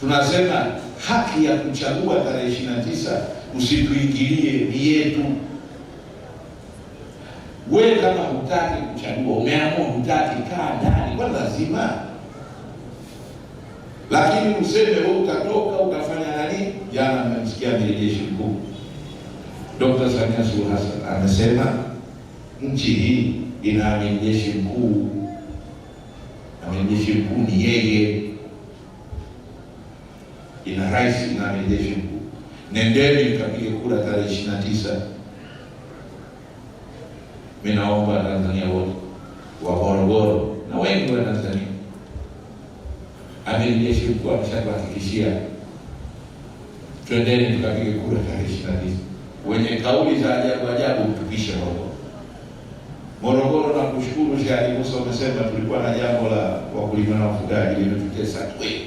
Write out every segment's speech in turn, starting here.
tunasema haki ya kuchagua tarehe ishirini na tisa usituingilie, ni yetu. Wewe kama hutaki kuchagua, umeamua hutaki, kaa ndani kwa lazima, lakini useme wewe utatoka ukafanya nani? Jana mmemsikia amiri jeshi mkuu Dr. Samia Suluhu Hassan amesema nchi hii ina amiri jeshi mkuu. Amiri mkuu ni yeye ina rais na amejeshi mkuu. Nendeni mkapige kura tarehe ishirini na tisa. Mi naomba Tanzania wote wa Morogoro na wengi wa Tanzania, amiri jeshi mkuu ameshakuhakikishia, twendeni tukapige kura tarehe ishirini na tisa. Wenye kauli za ajabu ajabu mtupishe Morogoro. Morogoro na kushukuru Shari Musa, umesema tulikuwa na jambo la wakulima na wafugaji limetutesa kweli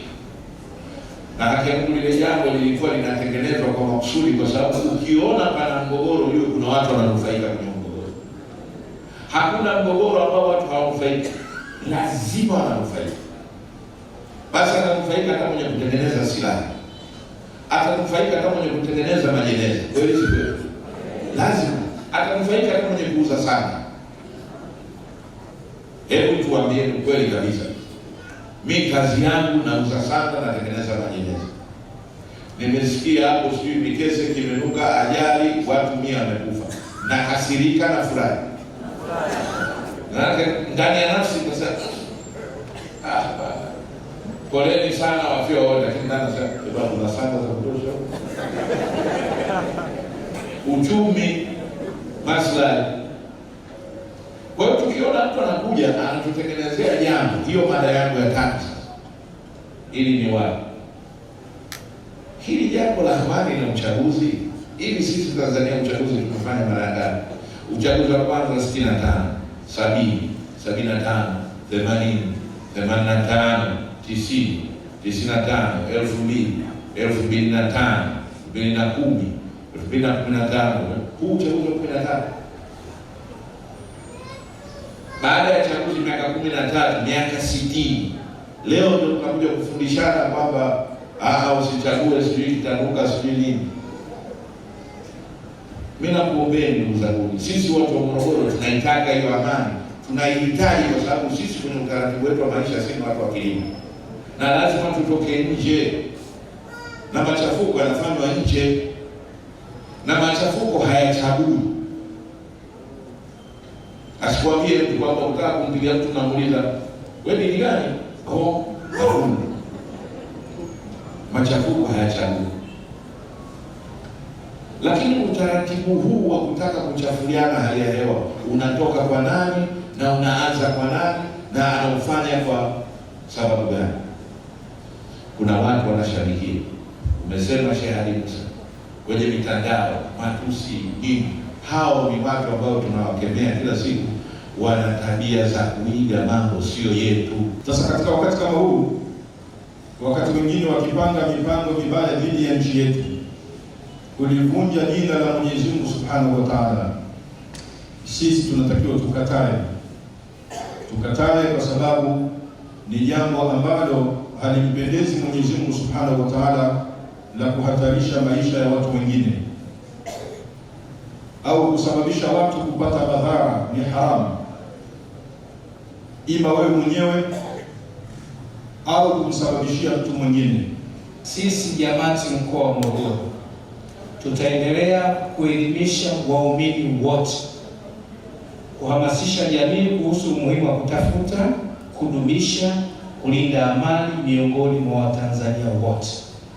na haki ya Mungu, lile jambo lilikuwa linatengenezwa kwa makusudi, kwa sababu ukiona pana mgogoro, ujue kuna watu wananufaika kwenye mgogoro. Hakuna mgogoro ambao watu hawanufaiki, lazima wananufaika. Basi atanufaika hata mwenye kutengeneza silaha, atanufaika hata mwenye kutengeneza majeneza, kweli si kweli? Lazima atanufaika hata mwenye kuuza sana. Hebu tuambie kweli kabisa mi kazi yangu nauza sanda, natengeneza majeneza. Nimesikia hapo sijui Mikese kimenuka ajali, watu mia wamekufa, na kasirika na furahi ndani ya nafsi kasa ah, poleni sana wafia wote, lakini eh, kuna sanda za kutosha. Uchumi maslahi mtu anakuja anatutengenezea jambo. Hiyo mada yangu ya tatu ili ni wapi hili jambo la amani na uchaguzi. ili sisi Tanzania uchaguzi tumefanya mara ngapi? Uchaguzi wa kwanza sitini na tano, sabini, sabini na tano, themanini, themanini na tano, tisini, tisini na tano, elfu mbili, elfu mbili na tano, elfu mbili na kumi, elfu mbili na kumi na tano, huu uchaguzi wa kumi na tano baada ya chaguzi miaka kumi na tatu miaka sitini leo ndio tunakuja kufundishana kwamba ah, ah, usichague sijui kitanuka sijui nini. mi nakuombeni ndugu zangu, sisi watu wa Morogoro tunaitaka hiyo amani, tunaihitaji kwa sababu sisi kwenye utaratibu wetu wa maisha sini watu wa kilimo, na lazima tutoke nje, na machafuko yanafanywa nje, na machafuko hayachagui asikwambie tu kwamba ukaa kumpigia mtu namuuliza wewe dini gani? Oh, Machafuko hayachagui. Lakini utaratibu huu wa kutaka kuchafuliana hali ya hewa unatoka kwa nani na unaanza kwa nani na anaufanya kwa sababu gani? Kuna watu wanashabikia, umesema Shehali Musa kwenye mitandao, matusi nini. Hao ni watu ambao tunawakemea kila siku wana tabia za kuiga mambo sio yetu. Sasa katika wakati kama huu, wakati wengine wakipanga mipango mibaya dhidi ya nchi yetu, kulivunja jina la Mwenyezi Mungu Subhanahu wa Ta'ala, sisi tunatakiwa tukatae, tukatae kwa sababu ni jambo ambalo halimpendezi Mwenyezi Mungu Subhanahu wa Ta'ala, la kuhatarisha maisha ya watu wengine au kusababisha watu kupata madhara ni haramu ima wewe mwenyewe au kumsababishia mtu mwingine. Sisi Jamati mkoa wa Morogoro tutaendelea kuelimisha waumini wote, kuhamasisha jamii kuhusu umuhimu wa kutafuta, kudumisha, kulinda amani miongoni mwa Watanzania wote.